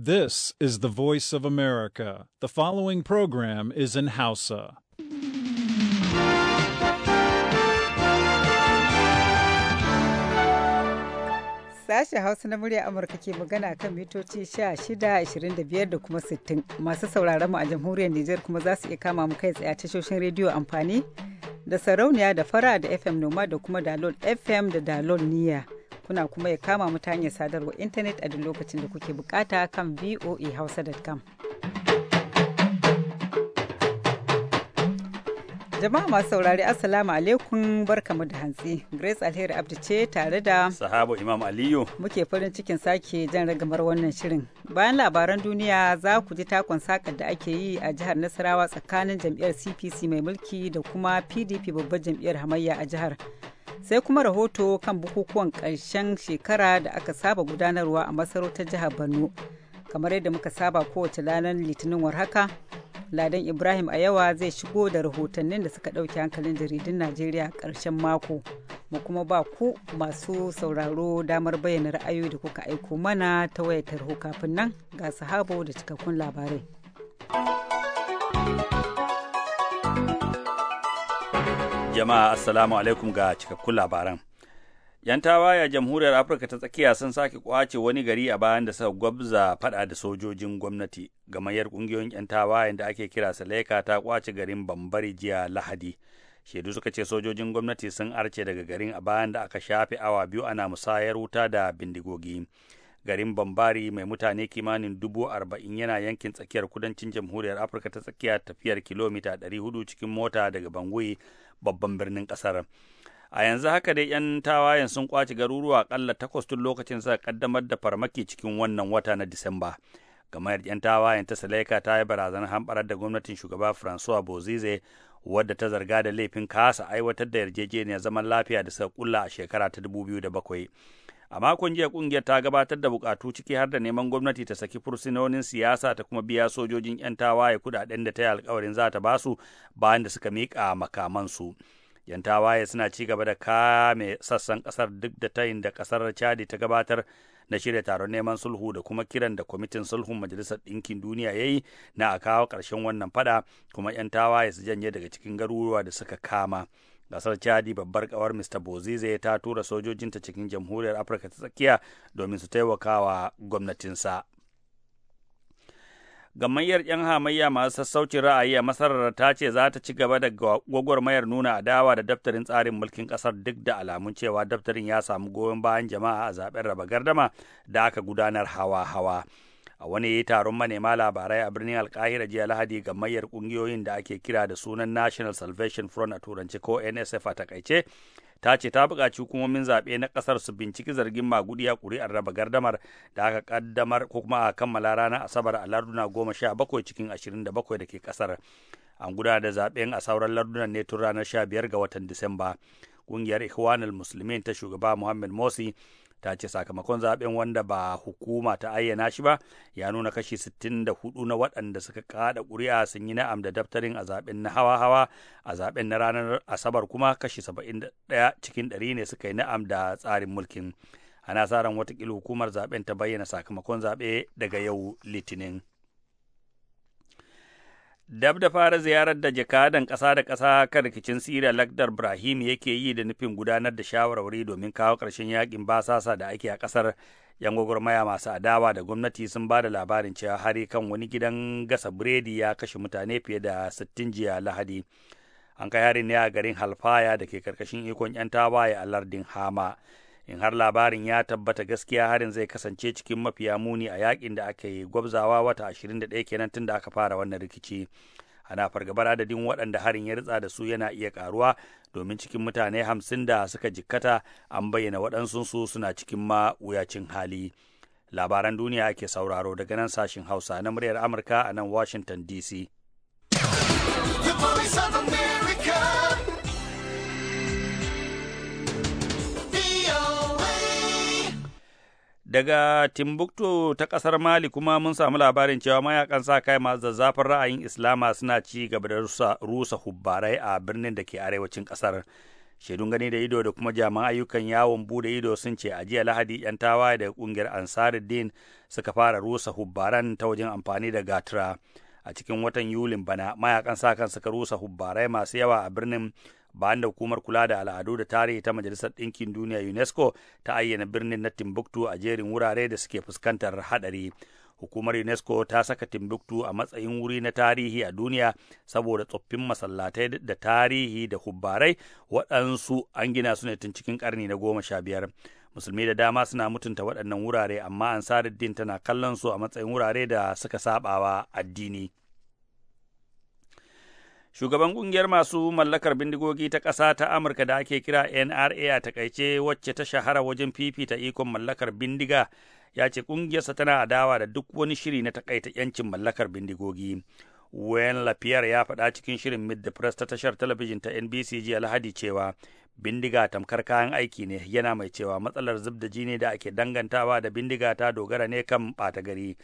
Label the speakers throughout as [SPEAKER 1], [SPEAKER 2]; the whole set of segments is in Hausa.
[SPEAKER 1] This is the voice of America. The following program is in Hausa.
[SPEAKER 2] Sashen Hausa na murya Amurka ke magana kan mitoci 16-25 da kuma 60 masu sauraron mu a jamhuriyar Nijar kuma za su iya kama mu kai tsaye tashoshin rediyo amfani da sarauniya da fara da FM Noma da kuma Dalol FM da Dalol niya. kuna kuma ya kama mu ta hanyar sadarwar intanet a duk lokacin da kuke bukata kan voahausa.com. Jama'a masu saurari Assalamu alaikum barkamu da hantsi. Grace Alheri abdu ce tare da Sahabo Imam Aliyu. Muke farin cikin sake jan ragamar wannan shirin. Bayan labaran duniya za ku ji takon sakar da ake yi a jihar Nasarawa tsakanin jam'iyyar CPC mai mulki da kuma PDP babbar jam'iyyar hamayya a jihar. sai kuma rahoto kan bukukuwan ƙarshen shekara da aka saba gudanarwa a masarautar jihar borno kamar yadda muka saba kowace ranar litinin war haka ladan ibrahim a yawa zai shigo da rahotannin da suka ɗauke hankalin jaridun najeriya ƙarshen mako mu kuma ba ku masu sauraro damar bayyana ra'ayoyi da kuka aiko mana ta wayar tarho kafin nan ga sahabo da cikakkun labarai
[SPEAKER 3] jama'a assalamu alaikum ga cikakkun labaran. ‘Yan tawaya jamhuriyar Afirka ta tsakiya sun sake kwace wani gari a bayan da suka gwabza fada da sojojin gwamnati. ga mayar ƙungiyoyin ‘yan tawayen da ake kira Saleka ta kwace garin Bambari jiya Lahadi. Shaidu suka ce sojojin gwamnati sun arce daga garin a bayan da aka shafe awa biyu ana musayar wuta da bindigogi. garin bambari mai mutane kimanin dubu arba'in yana yankin tsakiyar kudancin jamhuriyar afirka ta tsakiya tafiyar kilomita 400 cikin mota daga bangui babban birnin kasar a yanzu haka dai 'yan tawayen sun kwaci garuruwa akalla takwas tun lokacin suka kaddamar da farmaki cikin wannan wata na disamba kamar da 'yan tawayen ta salaika ta yi barazanar hamɓarar da gwamnatin shugaba francois bozize wadda ta zarga da laifin kasa aiwatar da yarjejeniyar zaman lafiya da suka kulla a shekara ta 2007 a makon jiya kungiyar ta gabatar da bukatu ciki har da neman gwamnati ta saki fursunonin siyasa ta kuma biya sojojin 'yan tawaye kudaden da ta yi alkawarin za ta basu bayan da suka miƙa makamansu yan tawaye suna ci gaba da kame sassan kasar duk da tayin da kasar chadi ta gabatar na shirya taron neman sulhu da kuma kiran da kwamitin sulhun majalisar ɗinkin duniya ya yi na a kawo ƙarshen wannan fada kuma yan tawaye su janye daga cikin garuruwa da suka kama gasar chadi babbar ƙawar mr bozize ta tura sojojinta cikin jamhuriyar afirka ta tsakiya domin su taimaka wa gwamnatinsa gamayyar 'yan hamayya masu sassaucin ra'ayi a masarar ta ce za ta ci gaba da gwagwarmayar nuna adawa da daftarin tsarin mulkin ƙasar duk da alamun cewa daftarin ya samu goyon bayan jama'a a zaben raba gardama da aka gudanar hawa-hawa. a wani taron manema labarai a birnin alkahira jiya lahadi gamayyar kungiyoyin da ake kira da sunan national salvation front a turanci ko nsf a takaice ta ce ta buƙaci hukumomin zaɓe na ƙasar su binciki zargin magudi a ƙuri'ar raba gardamar da aka ƙaddamar ko kuma a kammala ranar asabar a larduna goma sha bakwai cikin ashirin da bakwai da ke ƙasar an gudanar da zaɓen a sauran lardunan ne tun ranar sha biyar ga watan disamba ƙungiyar ikhwanul musulmin ta shugaba muhammad morsi ta ce sakamakon zaben wanda ba hukuma ta ayyana shi ba ya nuna kashi 64 na waɗanda suka kada ƙuri'a sun yi na'am da daftarin a zaben na hawa-hawa a zaben na ranar asabar kuma kashi 71 cikin 100 ne suka yi na'am da tsarin mulkin ana sa ran watakila hukumar zaben ta bayyana sakamakon zaɓe daga yau litinin Dab da fara ziyarar da jakadan ƙasa da ƙasa kan rikicin Siriya Lakdar ibrahim yake yi da nufin gudanar da shawarwari domin kawo ƙarshen yakin basasa da ake a ƙasar yan gwagwarmaya masu adawa da gwamnati sun ba da labarin cewa hari kan wani gidan gasa biredi ya kashe mutane fiye da sittin jiya lahadi an kai harin ne a garin halfaya da ke karkashin ikon yan tawaye a lardin hama in har labarin ya tabbata gaskiya harin zai kasance cikin mafiya muni a yakin da ake gwabzawa wata 21 kenan tun da aka fara wannan rikici ana fargabar adadin waɗanda harin ya ritsa da su yana iya karuwa domin cikin mutane hamsin da suka jikkata an bayyana waɗansu su suna cikin ma wuyacin hali labaran duniya ake sauraro daga nan sashin hausa na muryar amurka a nan washington dc Daga Timbuktu ta ƙasar Mali kuma mun samu labarin cewa mayakan sa kai masu zazzafin ra'ayin Islama suna ci gaba da rusa hubbarai a birnin da ke arewacin ƙasar. Shaidun gani da ido da kuma jami'an ayyukan yawon bude ido sun ce a jiya Lahadi 'yan tawaye da ƙungiyar din suka fara rusa hubbaran ta wajen amfani da gatra. A cikin watan Yulin bana mayakan sa kan suka rusa hubbarai masu yawa a birnin bayan da hukumar kula da al'adu da tarihi ta Majalisar Ɗinkin Duniya UNESCO ta ayyana birnin na Timbuktu a jerin wurare da suke fuskantar haɗari. Hukumar UNESCO ta saka Timbuktu a matsayin wuri na tarihi a duniya saboda tsoffin masallatai da tarihi da hubbarai waɗansu an gina su ne tun cikin ƙarni na goma sha biyar. musulmi da dama suna mutunta waɗannan wurare amma ansaruddin tana kallon su a matsayin wurare da suka saɓawa addini. Shugaban ƙungiyar masu mallakar bindigogi ta ƙasa ta Amurka da ake kira NRA a takaice wacce ta shahara wajen fifita ikon mallakar bindiga ya ce ƙungiyarsa tana adawa da duk wani shiri na takaita 'yancin mallakar bindigogi. Wayne LaPierre ya faɗa cikin shirin Mid the Press ta tashar talabijin ta NBC jiya Lahadi cewa bindiga tamkar kayan aiki ne yana mai cewa matsalar zub jini da ake dangantawa da bindiga ta dogara ne kan ɓata gari.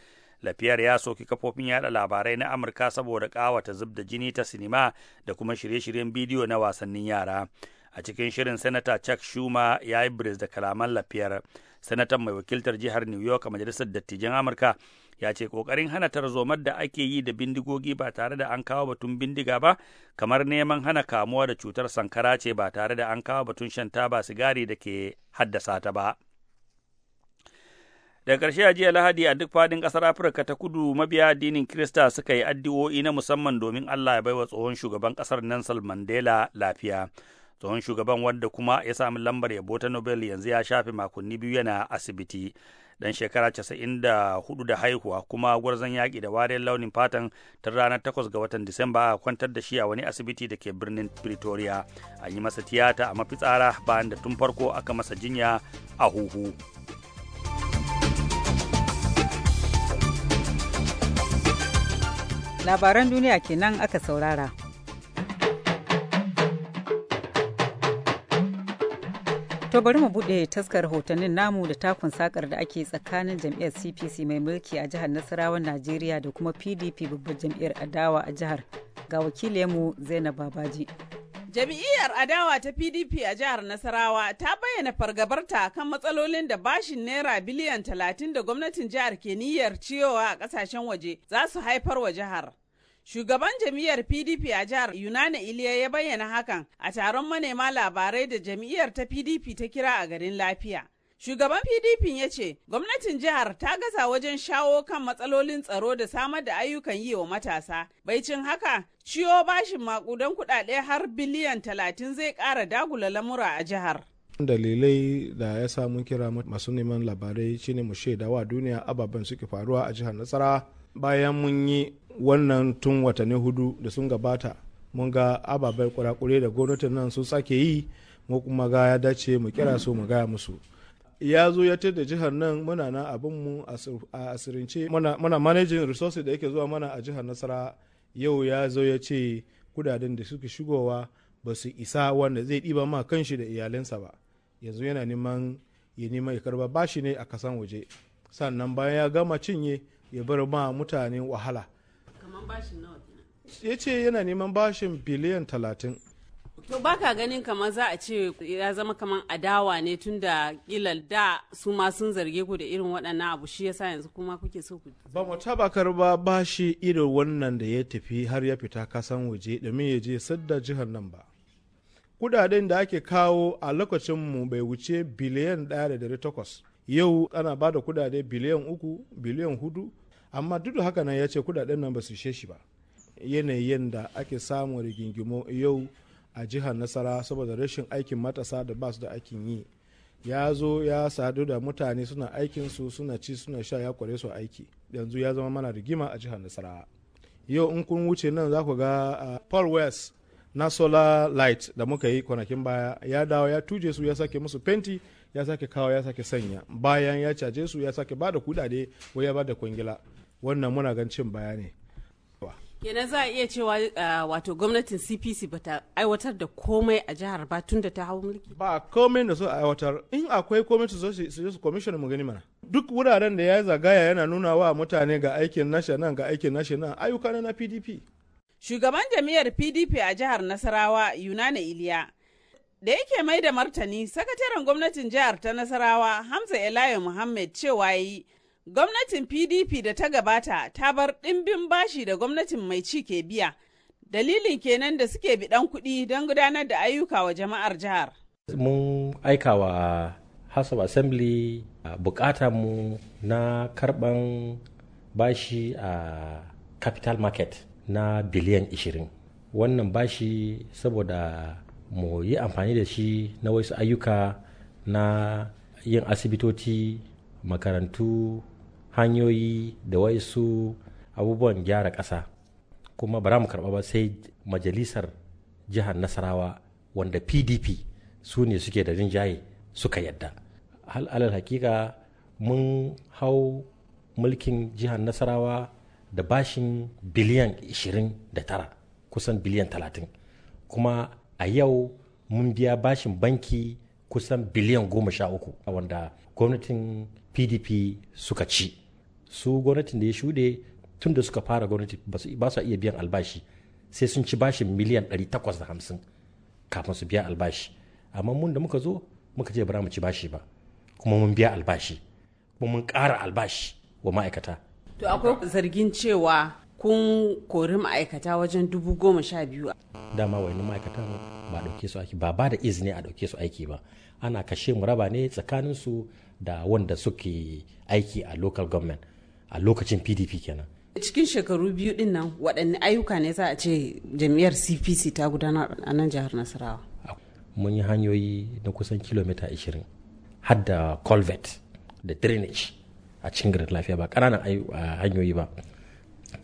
[SPEAKER 3] lafiyar ya soki kafofin yada labarai na amurka saboda kawata zub da jini ta sinima da kuma shirye-shiryen bidiyo na wasannin yara a cikin shirin sanata chuck schumer ya yi bris da kalaman lafiyar sanatan mai wakiltar jihar new york a majalisar dattijan amurka ya ce kokarin hana tarzomar da ake yi da bindigogi ba tare da an kawo batun bindiga ba kamar neman hana kamuwa da cutar sankara ce ba tare da an kawo batun shan ba sigari da ke haddasa ta ba Da ƙarshe a jiya Lahadi a duk fadin ƙasar Afirka ta kudu mabiya addinin Kirista suka yi addu'o'i na musamman domin Allah ya baiwa tsohon shugaban ƙasar Nelson Mandela lafiya. Tsohon shugaban wanda kuma ya sami lambar yabo ta Nobel yanzu ya shafe makonni biyu yana asibiti. Dan shekara casa'in da hudu da haihuwa kuma gwarzon yaƙi da wariyar launin fatan ta ranar takwas ga watan Disamba a kwantar da shi a wani asibiti da ke birnin Pretoria. An yi masa tiyata a mafitsara bayan da tun farko aka masa jinya a huhu.
[SPEAKER 2] labaran duniya kenan aka saurara to bari mu bude taskar hotonin namu da takun sakar da ake tsakanin jam'iyyar cpc mai mulki a jihar nasarawan najeriya da kuma pdp babbar jam'iyyar adawa a jihar ga wakilinmu zainab babaji
[SPEAKER 1] Jami'iyyar adawa ta PDP a jihar Nasarawa ta bayyana fargabarta kan matsalolin da bashin naira biliyan talatin da gwamnatin jihar ke niyyar ciyowa a kasashen waje za su haifar wa jihar. Shugaban jami'ar PDP a jihar Yunana Iliya ya bayyana hakan a taron manema labarai da jami'iyar ta PDP ta kira a garin lafiya. Shugaban PDP ya ce, gwamnatin jihar ta gaza wajen shawo kan matsalolin tsaro da samar da ayyukan yi wa matasa. bai cin haka, ciwo bashin makudan kudade har biliyan talatin zai kara dagula lamura a jihar.
[SPEAKER 4] dalilai da ya sa kira masu neman labarai shine mu shaida wa duniya ababen suke faruwa a jihar nasara bayan mun yi wannan tun watanni hudu da sun gabata mun ga ababen kurakure da gwamnatin nan sun sake yi mu kuma ga ya dace mu kira su mu gaya musu ya zo ya da jihar nan muna nan abinmu a asirince muna managing resources da yake zuwa mana a jihar nasara yau ya zo ya ce kudaden da suke shigowa ba su isa wanda zai ɗiba ma shi da iyalansa ba yanzu yana neman ya nema ya karba bashi ne a kasan waje sannan bayan ya gama cinye ya bar ma mutane wahala ya ce yana neman bashin biliyan talatin
[SPEAKER 1] To baka ganin kamar za a ce ya zama kamar adawa ne tun da kila da su ma sun zarge ku da irin waɗannan abu shi yasa yanzu kuma kuke so ku. Ba
[SPEAKER 4] mu taba karba ba shi irin wannan da ya tafi har ya fita kasan waje domin ya je sadda jihar nan ba. Kudaden da ake kawo a lokacin mu bai wuce biliyan ɗaya da dari takwas. Yau ana ba da kudade biliyan uku, biliyan hudu, amma duk haka nan ya ce kudaden nan ba su ishe shi ba. Yanayin da ake samun rigingimo yau a jihar nasara saboda rashin aikin matasa da ba su da aikin yi ya zo ya sadu da mutane suna aikin su suna ci suna sha ya kware su aiki yanzu ya zama mana rigima a jihar nasara yau in kun wuce nan za ku ga paul west na solar light da muka yi kwanakin baya ya dawo ya tuje su ya sake musu fenti ya sake kawo ya sake sanya bayan ya caje su ya sake ba da kudade ko ya ba da kwangila wannan muna gan cin baya ne
[SPEAKER 1] yana za a iya cewa eh, wato gwamnatin cpc ba ta aiwatar da komai a jihar ba tun da ta hau mulki ba komai da su
[SPEAKER 4] aiwatar in akwai komai su zo
[SPEAKER 1] su commission mu gani mana
[SPEAKER 4] duk wuraren da ya zagaya yana nuna wa mutane ga aikin nashi nan ga aikin nashi nan ayyuka na pdp
[SPEAKER 1] shugaban jami'ar pdp a jihar nasarawa yunana iliya da yake mai da martani sakataren gwamnatin jihar ta nasarawa hamza elayo muhammad cewa yi Gwamnatin PDP da ta gabata ta bar ɗimbin bashi da gwamnatin mai ci ke biya. Dalilin kenan da suke biɗan kuɗi don gudanar da ayyuka wa jama'ar jihar.
[SPEAKER 5] Mun aika wa House of Assembly bukata mu na karɓan bashi a capital market na biliyan 20. Wannan bashi saboda mu yi amfani da shi na wasu ayyuka na yin asibitoci makarantu hanyoyi da wasu abubuwan gyara ƙasa kuma bara mu karɓa ba sai majalisar jihar nasarawa wanda pdp su ne suke da rinjaye suka yadda hal alal hakika mun hau mulkin jihar nasarawa da bashin biliyan 29 kusan biliyan 30 kuma a yau mun biya bashin banki kusan biliyan 13 wanda gwamnatin pdp suka ci su gwamnatin da ya shuɗe tun da suka fara gwamnati ba su iya biyan albashi sai sun ci bashin miliyan 850 kafin su biya albashi amma mun da muka zo muka ce bara mu ci bashi ba kuma mun biya albashi kuma mun ƙara albashi wa ma'aikata
[SPEAKER 1] to akwai zargin cewa kun kori ma'aikata wajen dubu goma sha biyu
[SPEAKER 5] dama wani ma'aikata ba ɗauke su aiki ba ba da izini a ɗauke su aiki ba ana kashe mu raba ne tsakaninsu da wanda suke aiki a local government a lokacin pdp kenan
[SPEAKER 1] cikin shekaru biyu din nan waɗanne ayyuka ne za a ce jam'iyyar cpc ta gudanar a nan jihar nasarawa
[SPEAKER 5] mun yi hanyoyi na kusan kilomita 20 har da colvert da drainage a cikin garin lafiya ba ƙananan hanyoyi ba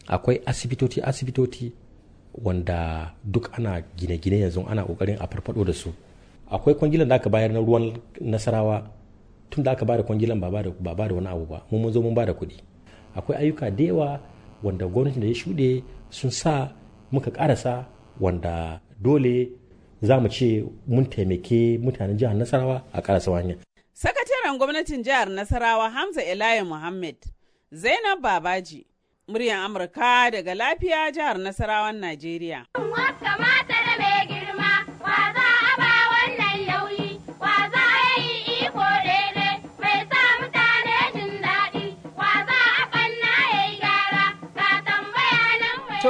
[SPEAKER 5] akwai asibitoci asibitoci wanda duk ana gine-gine yanzu ana ƙoƙarin a farfaɗo da su akwai kwangilan da aka bayar na ruwan nasarawa tun da aka da kwangilan ba ba da wani abu ba mun zo mun da kuɗi akwai ayyuka da yawa wanda gwamnati da ya shuɗe sun sa muka karasa wanda dole za mu ce mun taimake mutanen jihar nasarawa a ƙarasa wanya.
[SPEAKER 1] sakataren gwamnatin jihar nasarawa hamza elayi muhammad zainab babaji muryar amurka daga lafiya jihar nasarawan najeriya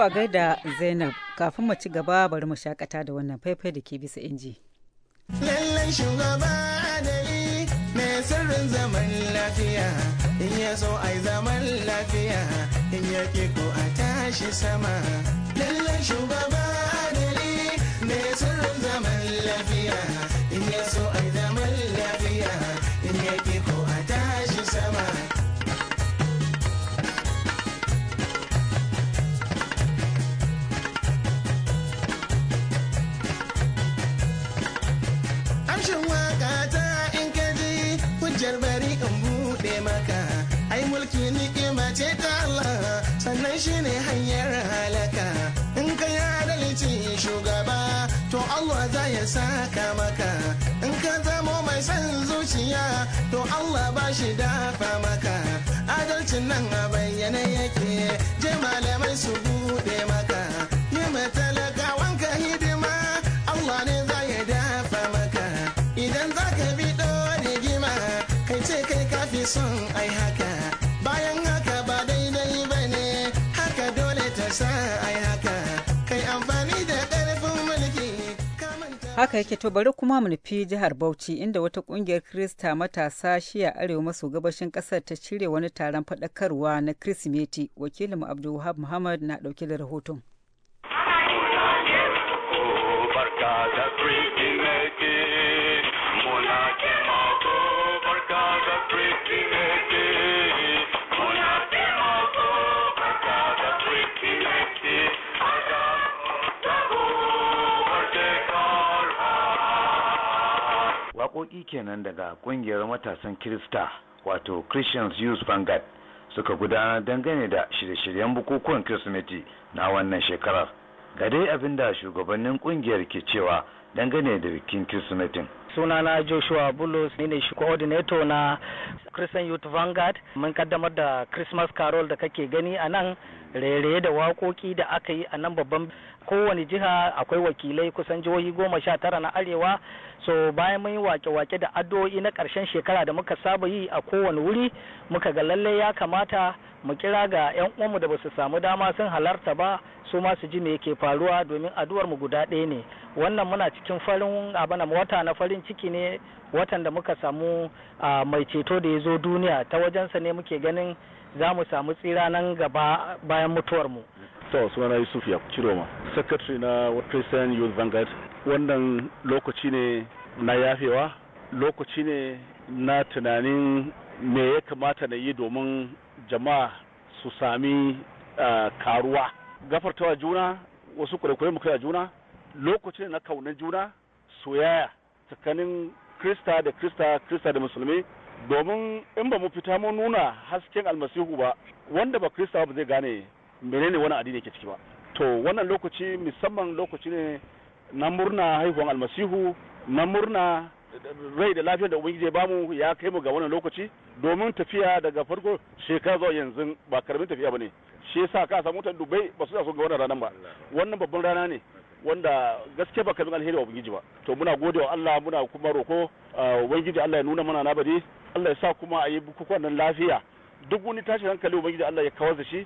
[SPEAKER 6] To
[SPEAKER 2] a gaida Zainab kafin mu ci gaba bari mu shakata da wannan faifai da ke bisa inji.
[SPEAKER 6] Lallan shugaba adali mai sirrin zaman lafiya in ya so ai zaman lafiya in ya ko a tashi sama. Lallan shugaba amshin waka ta in ka ji hujjar bari in buɗe maka ai mulki ni'ima ce ta Allah sannan shi ne hanyar halaka in ka yi adalci shugaba to Allah za ya saka maka in ka zamo mai son zuciya to Allah ba shi dafa maka adalcin nan a bayyana yake je malamai su buɗe maka
[SPEAKER 2] haka yake to bari kuma mu nufi jihar bauchi inda wata kungiyar krista matasa shiya arewa maso gabashin kasar ta cire wani taron faɗakarwa na kirsimeti wakilinmu abdulwahab muhammad na ɗauke da rahoton
[SPEAKER 7] waƙoƙi kenan daga ƙungiyar matasan Kirista wato Christians Youth Vanguard suka gudanar dangane da shirye-shiryen bukukuwan Kirsimeti na wannan shekarar. Ga dai abinda shugabannin ƙungiyar ke cewa dangane da bikin Kirsimetin. sunana joshua bulus ni ne shi coordinator na christian youth vanguard mun kaddamar da christmas carol da kake gani a nan raye da waƙoƙi da aka yi a nan babban kowane jiha akwai wakilai kusan jihohi goma sha tara na arewa so bayan mun yi wake-wake da addu'o'i na ƙarshen shekara da muka saba yi a kowane wuri muka ga lallai ya kamata mu kira ga 'yan uwanmu da ba su samu dama sun halarta ba su ma su ji me yake faruwa domin addu'ar mu guda ɗaya ne wannan muna cikin farin abana wata na farin ciki ne watan da muka samu a mai ceto da ya zo duniya ta wajensa ne muke ganin za mu samu tsira nan
[SPEAKER 8] gaba bayan mutuwarmu. To suna Yusuf ya Ciroma, sakatare na Christian Youth Vanguard. Wannan lokaci ne na yafewa, lokaci ne na tunanin me ya kamata na yi domin jama'a su sami karuwa. Gafartawa juna, wasu kurakure muka juna, lokaci na kaunar juna, soyaya tsakanin krista da krista krista da musulmi domin in ba mu fita mu nuna hasken almasihu ba wanda ba krista ba zai gane menene wani addini yake ciki ba to wannan lokaci musamman lokaci ne na murna haihuwan almasihu na murna rai da lafiyar da ubangiji ya bamu ya kai mu ga wannan lokaci domin tafiya daga farko shekara zuwa yanzu ba karamin tafiya bane shi yasa ka samu ta dubai ba su so ga wannan ranar ba wannan babban rana ne wanda gaske baka zan alheri wa ubangiji ba to muna gode wa Allah muna kuma roko ubangiji Allah ya nuna mana na bari, Allah ya sa kuma a yi bukukuwan nan lafiya duk wani tashi hankali ubangiji Allah ya kawar da shi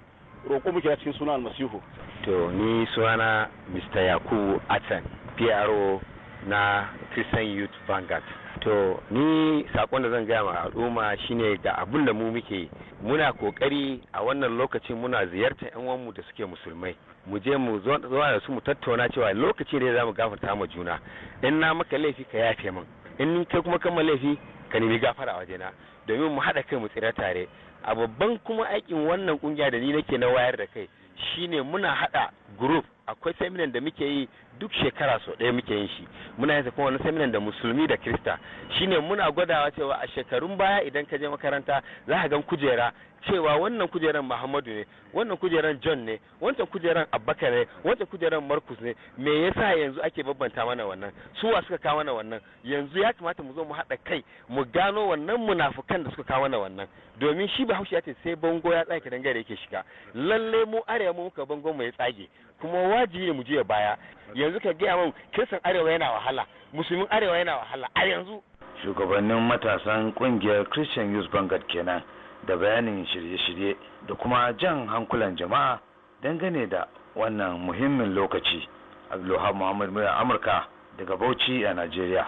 [SPEAKER 8] roko muke cikin suna almasihu
[SPEAKER 7] to ni sunana Mr Yakubu Atan PRO na Christian Youth Vanguard to ni sakon da zan gaya ma al'umma shine da abun da mu muke muna kokari a wannan lokacin muna ziyartar yan uwanmu da suke musulmai mu je mu zo da su mu tattauna cewa lokaci ne za mu gafarta ma juna in na maka laifi ka yafe min in ni kai kuma kama laifi
[SPEAKER 6] ka nemi gafara
[SPEAKER 7] a wajena domin mu haɗa kai mu tsira tare a babban kuma aikin wannan kungiya da ni nake na wayar da kai shine muna haɗa group akwai seminar da muke yi duk shekara sau ɗaya muke yin shi muna yin kuma wani seminar da musulmi da krista shine muna gwadawa cewa a shekarun baya idan ka je makaranta za ka gan kujera cewa wannan kujeran muhammadu ne wannan kujeran john ne wancan kujeran abbakar ne wancan kujeran markus ne me yasa yanzu ake babbanta mana wannan su wa suka kawo mana wannan yanzu ya kamata mu zo mu haɗa kai mu gano wannan munafukan da suka kawo mana wannan domin shi bahaushe ya ce sai bango ya tsage dangare yake shiga lallai mu arewa mu muka bango mu ya tsage kuma wajibi ne mu juya baya yanzu ka gaya min kirsan arewa yana wahala musulmin arewa yana wahala a yanzu shugabannin matasan kungiyar christian youth bangat kenan da bayanin shirye-shirye da kuma jan hankulan jama'a dangane da wannan muhimmin lokaci abdulhamid muhammad mai amurka daga bauchi a najeriya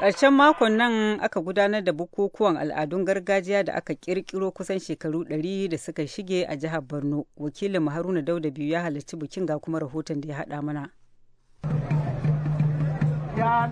[SPEAKER 2] karshen makon nan aka gudanar da bukukuwan al'adun gargajiya da aka ƙirƙiro kusan shekaru ɗari da suka shige a jihar Borno. Wakilin Haruna Dauda biyu ya halarci bikin ga kuma rahoton da ya haɗa
[SPEAKER 6] mana. Ya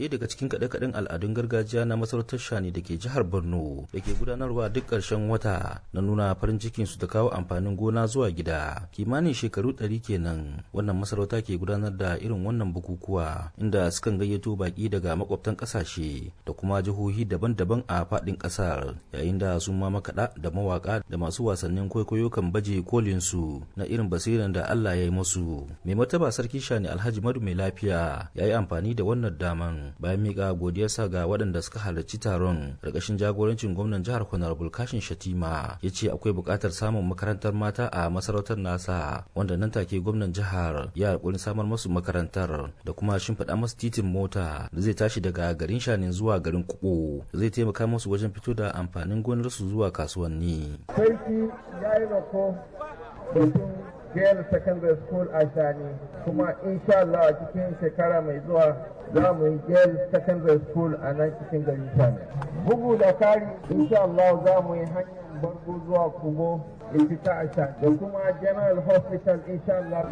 [SPEAKER 9] ɗaya daga cikin kaɗe-kaɗen al'adun gargajiya na masarautar shani da ke jihar borno da ke gudanarwa duk ƙarshen wata na nuna farin cikin su da kawo amfanin gona zuwa gida kimanin shekaru ɗari kenan wannan masarauta ke gudanar da irin wannan bukukuwa inda sukan gayyato baƙi daga makwabtan ƙasashe da kuma jihohi daban-daban a faɗin ƙasar yayin da su ma makaɗa da mawaƙa da masu wasannin kwaikwayo kan baje kolin su na irin basiran da Allah ya yi masu, mai mataba sarki shani alhaji madu mai lafiya ya yi amfani da wannan daman bayan miƙa godiyarsa ga waɗanda suka halarci taron ƙarƙashin jagorancin gwamnan jihar honorable kashin shatima ya ce akwai buƙatar samun makarantar mata a masarautar nasa wanda nan take gwamnan jihar ya alƙurin samar masu makarantar da kuma shimfiɗa masu titin mota da zai tashi daga garin shani zuwa garin kubo zai taimaka masu wajen fito da amfanin gonarsu zuwa kasuwanni. jiyar secondary school a shani kuma insha Allah a cikin shekara mai zuwa za mu yi
[SPEAKER 8] jiyar secondary school a nan cikin gari shani bugu da kari insha Allah za mu yi hanyar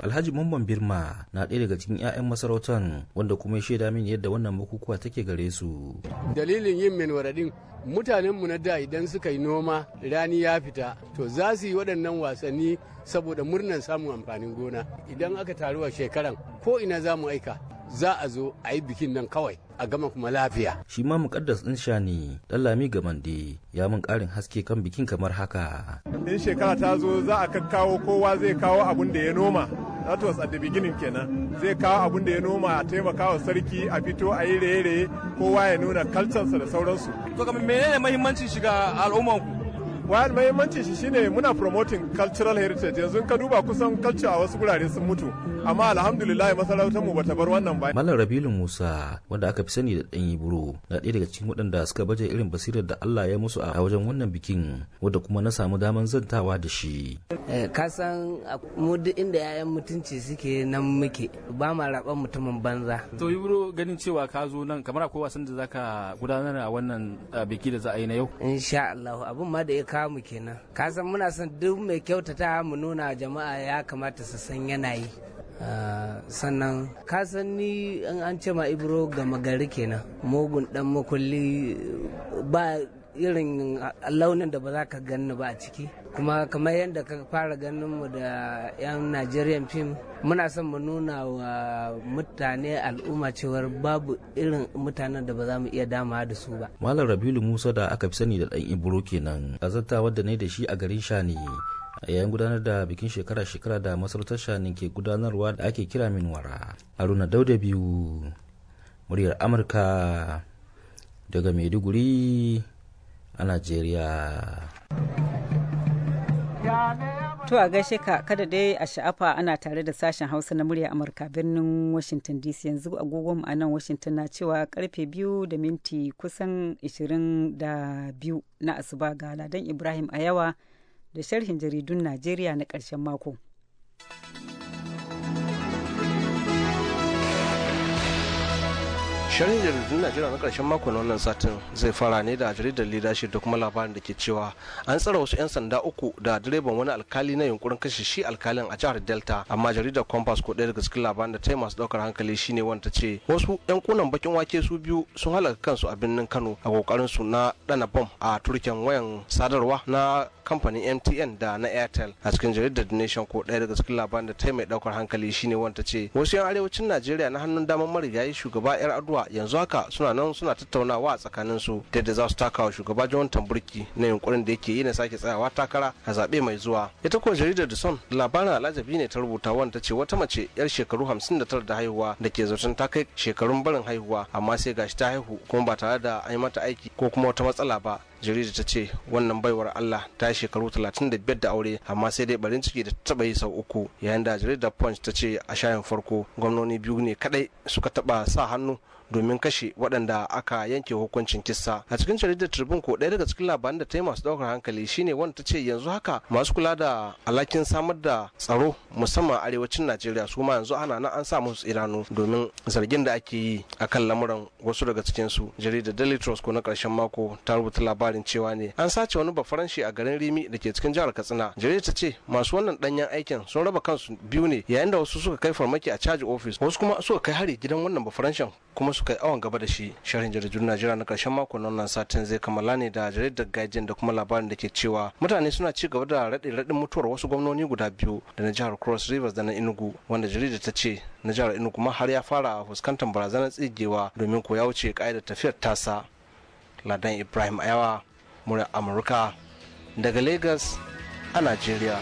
[SPEAKER 9] Alhaji Mamman Birma na ɗaya daga cikin 'ya'yan masarautar wanda kuma ya shaida min yadda wannan bukukuwa take gare su.
[SPEAKER 8] Dalilin yin menwaradin mutanenmu na da idan suka yi noma rani ya fita to za su yi waɗannan wasanni saboda murnar samun amfanin gona idan aka taru a shekaran ko ina za mu aika za a zo a yi bikin nan kawai a gama kuma lafiya
[SPEAKER 9] shi ma mukaddas din shani dan lami gamande ya mun karin haske kan bikin kamar haka
[SPEAKER 4] in shekara ta zo za a kakkawo kowa zai kawo abun da ya noma that was at the beginning kenan zai kawo abun da ya noma a taimaka wa sarki a fito a yi raye kowa ya nuna kalcansa da sauransu to kamar menene muhimmancin shiga al'ummanku wayan mahimmancin shi shine muna promoting cultural heritage yanzu ka duba kusan culture a wasu gurare sun mutu amma alhamdulillah masarautar mu bata bar wannan ba
[SPEAKER 9] Malam Rabilu Musa wanda aka fi sani da dan Yiburo na ɗaya daga cikin waɗanda suka baje irin basirar da Allah ya musu a wajen wannan bikin wanda kuma na samu daman zantawa da shi
[SPEAKER 1] eh, ka san mu duk inda yayan mutunci suke nan muke ba ma raban mutumin banza to
[SPEAKER 8] Yiburo ganin cewa ka
[SPEAKER 9] zo nan kamar akwai wasan da zaka gudanar a wannan biki da za a yi na yau insha Allah abun
[SPEAKER 1] ma da ya kawo mu kenan ka san muna son duk mai kyautata mu nuna jama'a ya kamata su san yanayi sannan ka san ni an ce ma ibro gama gari kenan mugun dan makulli ba irin launin da ba za ka ganni ba a ciki kuma kamar yadda ka fara ganin mu da 'yan nigerian film muna son mu nuna wa mutane al'umma cewar babu irin mutanen da ba za mu iya dama da su ba
[SPEAKER 9] malam rabilu musa da aka fi sani da dan ibro kenan a wadda ne da shi a garin shani a yayin gudanar da bikin shekara-shekara da masarautar shanin ke gudanarwa da ake kira minwara haruna dauda biyu muryar amurka daga maiduguri a najeriya
[SPEAKER 2] To a gaishe ka kada dai a sha'afa ana tare da sashen Hausa na murya Amurka birnin Washington DC yanzu agogon a nan Washington na cewa karfe biyu da minti kusan 22 na asuba ga Ladan Ibrahim a yawa da sharhin jaridun Najeriya na ƙarshen mako.
[SPEAKER 10] shirin jaridun najeriya na karshen makon na wannan satin zai fara ne da jaridar lidashi da kuma labarin da ke cewa an tsara wasu 'yan sanda uku da direban wani alkali na yunkurin kashe shi alkalin a jihar delta amma jaridar compass ko ɗaya daga cikin labarin da ta yi masu ɗaukar hankali shine wanda ce wasu 'yan kunan bakin wake su biyu sun halaka kansu a birnin kano a kokarin su na dana bom a turken wayan sadarwa na kamfanin mtn da na airtel a cikin jaridar the nation ko ɗaya daga cikin labarin da ta yi mai ɗaukar hankali shine wanda ce wasu 'yan arewacin najeriya na hannun damar marigayi shugaba yar adua yanzu haka suna nan suna tattaunawa a tsakanin su da yadda za su taka wa shugaba john tamburki na yunkurin da yake yi na sake tsayawa takara a zaɓe mai zuwa ita kuwa jaridar da son labarin alajabi ne ta rubuta wanda ta ce wata mace yar shekaru 59 da haihuwa da ke zaton ta kai shekarun barin haihuwa amma sai gashi ta haihu kuma ba tare da an yi mata aiki ko kuma wata matsala ba jarida ta ce wannan baiwar Allah ta yi shekaru 35 da aure amma sai dai barin ciki da taba yi sau uku yayin da jaridar punch ta ce a shayin farko gwamnoni biyu ne kadai suka taba sa hannu domin kashe waɗanda aka yanke hukuncin kisa a cikin jaridar tribune ko ɗaya daga cikin labaran da ta yi masu ɗaukar hankali shine wanda ta ce yanzu haka masu kula da alhakin samar da tsaro musamman arewacin najeriya su ma yanzu ana nan an sa musu tsiranu domin zargin da ake yi akan lamuran wasu daga cikinsu jaridar daily trust ko na ƙarshen mako ta rubuta labarin cewa ne an sace wani bafaranshi a garin rimi da ke cikin jihar katsina jaridar ta ce masu wannan ɗanyen aikin sun raba kansu biyu ne yayin da wasu suka kai farmaki a caji ofis wasu kuma suka kai hari gidan wannan bafaranshin kuma suka yi awon gaba da shi sharhin jaridun najeriya na karshen mako na wannan satin zai kammala ne da jaridar gajin da kuma labarin da ke cewa mutane suna ci gaba da raɗe raɗin mutuwar wasu gwamnoni guda biyu da na jihar cross rivers da na inugu wanda jaridar ta ce na jihar inugu ma har ya fara fuskantar barazanar tsigewa domin ko ya wuce ka'idar tafiyar tasa ladan ibrahim ayawa murya amurka daga lagos a nigeria.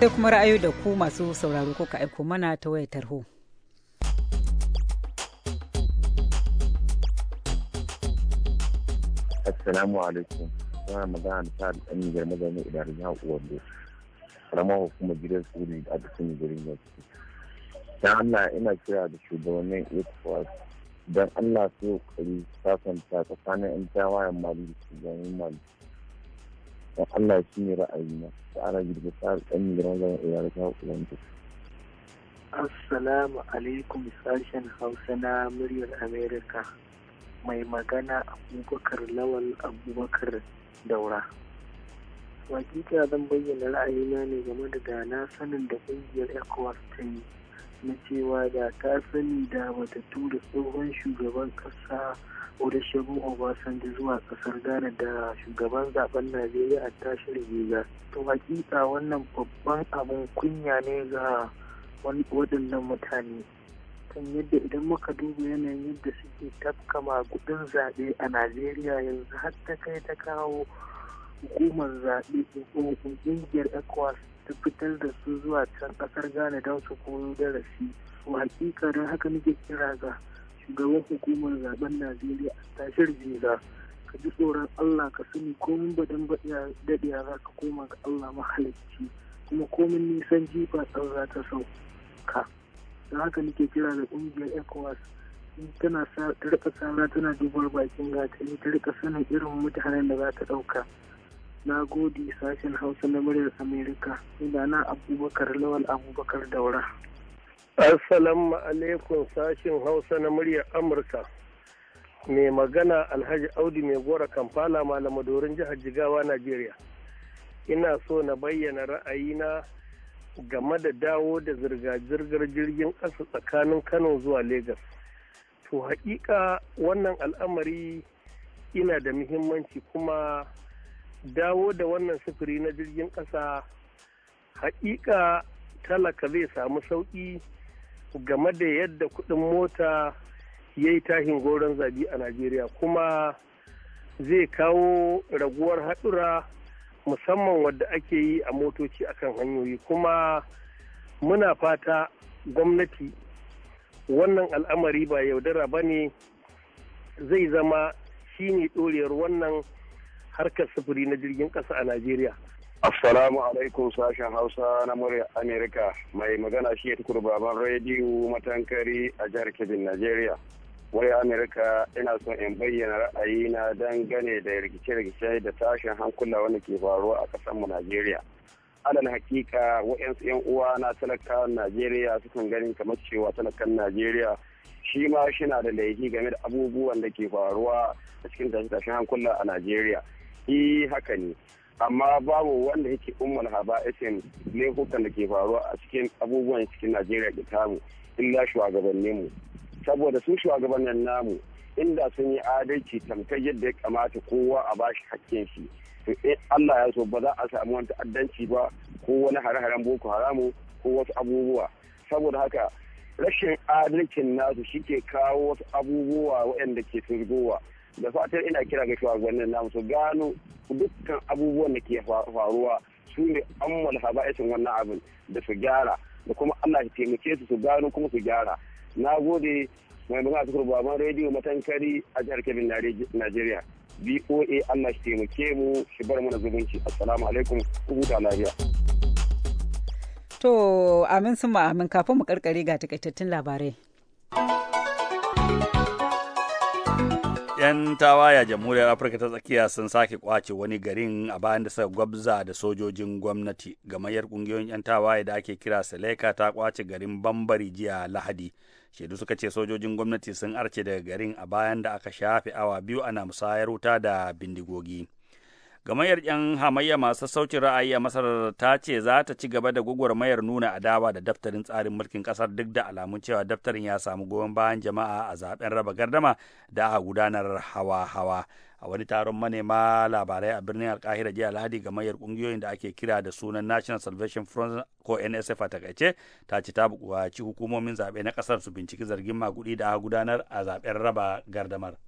[SPEAKER 10] sai kuma
[SPEAKER 2] ra'ayi da ku masu sauraro ko ka aiko mana ta wayar tarho
[SPEAKER 11] Salamu alaikum. Suna magana da ta ɗan Nijar mazaunin idanun ya Wando. Karamar hukumar gidan tsuri a cikin garin su. Ta Allah ina kira da shugabannin ECOWAS. Dan Allah su yi kokari sasanta tsakanin 'yan tawayen Mali da shugabannin Mali. Dan Allah shi ne ra'ayina. Ta ana girbe ta ɗan Nijar mazaunin idanun ya Wando.
[SPEAKER 12] Assalamu alaikum sashen Hausa na muryar Amerika. mai magana abubakar lawal abubakar daura wakika zan bayyana ra'ayina ne game da da sanin da kungiyar ecowas ta yi na cewa da ta sani da bata tura tsohon shugaban kasa olusegun obasanjo zuwa kasar ghana da shugaban zaben najeriya a tashar riga to hakika wannan babban abin kunya ne ga waɗannan mutane kan yadda idan muka duba yanayin yadda suke tafka magudin zaɓe a najeriya yanzu har ta kai ta kawo hukumar zaɓe ƙungiyar ecowas ta fitar da su zuwa can ƙasar ghana don su koyo darasi to hakika don haka muke kira ga shugaban hukumar zaben najeriya a tashar jiza ka ji tsoron allah ka sani komin badan daɗiya za ka koma ga allah mahalicci kuma komin nisan jifa tsawon za ta sauka da haka nake kira da kungiyar ecowas tana ta rika tsara tana dubar bakin gatari ta rika sanin irin mutanen da za ta dauka na godi sashen hausa na muryar amerika na abubakar
[SPEAKER 11] lawal abubakar daura assalamu alaikum sashen hausa na muryar amurka mai magana alhaji audi mai gora kamfala malamadorin jihar jigawa najeriya ina so na bayyana ra'ayina game da dawo da zirga-zirgar jirgin ƙasa tsakanin Kano zuwa Legas. To haƙiƙa wannan al'amari ina da muhimmanci kuma dawo da wannan sufuri na jirgin ƙasa haƙiƙa talaka zai samu sauƙi game da yadda kuɗin mota ya yi tashin goron zabi a Najeriya kuma zai kawo raguwar haɗura musamman wadda ake yi a motoci akan hanyoyi kuma muna fata gwamnati wannan al'amari ba yaudara ba ne zai zama shi ne ɗorewar wannan harkar sufuri na jirgin ƙasa a najeriya Assalamu alaikum sashen Hausa na murya Amerika mai magana shi ya tukur baban rediyo matankari a jihar Kebbi, Najeriya. wai amerika ina son in bayyana ra'ayi na dangane da rikice-rikice da tashin hankula wanda ke faruwa a mu najeriya alal hakika wa'yansu 'yan uwa na talakan najeriya sukan ganin kamar cewa talakan najeriya shi ma shi na da laifi game da abubuwan da ke faruwa a cikin tashin hankula a najeriya i haka ne amma babu wanda yake ummul isin laifukan da ke faruwa a cikin abubuwan cikin najeriya da tamu illa mu saboda sun shugabannin namu inda sun yi adalci tamkar yadda ya kamata kowa a bashi hakkin shi to in eh, Allah ya so ba za a samu wani ta'addanci ba ko wani hare-haren boko haramu ko wasu abubuwa saboda haka rashin adalcin nasu shike kawo wasu abubuwa waɗanda ke turgowa da fatan ina kira ga shugabannin namu su gano dukkan abubuwan da ke faruwa su ne ammal haba'isin wannan abin da su gyara da kuma Allah ya taimake su su gano kuma su gyara na gode mai magana tukur baban rediyo matankari a jihar kebbi najeriya boa allah shi taimake mu shi bar mana zumunci assalamu alaikum ku lafiya
[SPEAKER 2] to amin suma amin kafin mu karkare ga takaitattun labarai
[SPEAKER 3] 'yan tawaya jamhuriyar afirka ta tsakiya sun sake kwace wani garin a bayan da suka gwabza da sojojin gwamnati gamayyar kungiyoyin 'yan tawaye da ake kira seleka ta kwace garin bambari jiya lahadi shaidu suka ce sojojin gwamnati sun arce daga garin a bayan da aka shafe awa biyu ana musayar wuta da bindigogi Gamayyar 'yan hamayya masu saucin ra'ayi a masarar ta ce za ta ci gaba da mayar nuna adawa da daftarin tsarin mulkin kasar duk da alamun cewa daftarin ya samu goyon bayan jama'a a zaben raba gardama da a gudanar hawa-hawa. a wani taron manema labarai a birnin alkahira jiya lahadi gamayyar kungiyoyin da ake kira da sunan national salvation front ko nsf a takaice ta ci ta buƙaci hukumomin zaɓe na ƙasar su binciki zargin maguɗi da gudanar a zaɓen raba gardamar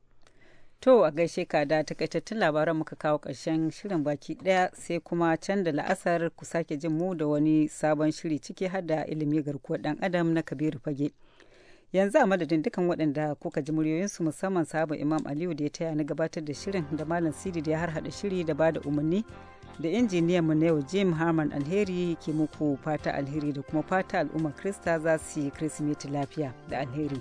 [SPEAKER 2] To a gaishe ka da takaitattun labaran muka kawo ƙarshen shirin baki ɗaya sai kuma can da la'asar ku sake jin mu da wani sabon shiri ciki har da ilimi garkuwar ɗan adam na Kabiru Fage. Yanzu a madadin dukan waɗanda kuka ji muryoyinsu musamman sabon Imam Aliyu da ya taya na gabatar da shirin da Malam Sidi da ya har harhaɗa shiri da ba da umarni da injiniyan mu na yau Jim Harman Alheri ke muku fata alheri da kuma fata al'ummar Krista za su yi Kirsimeti lafiya da alheri.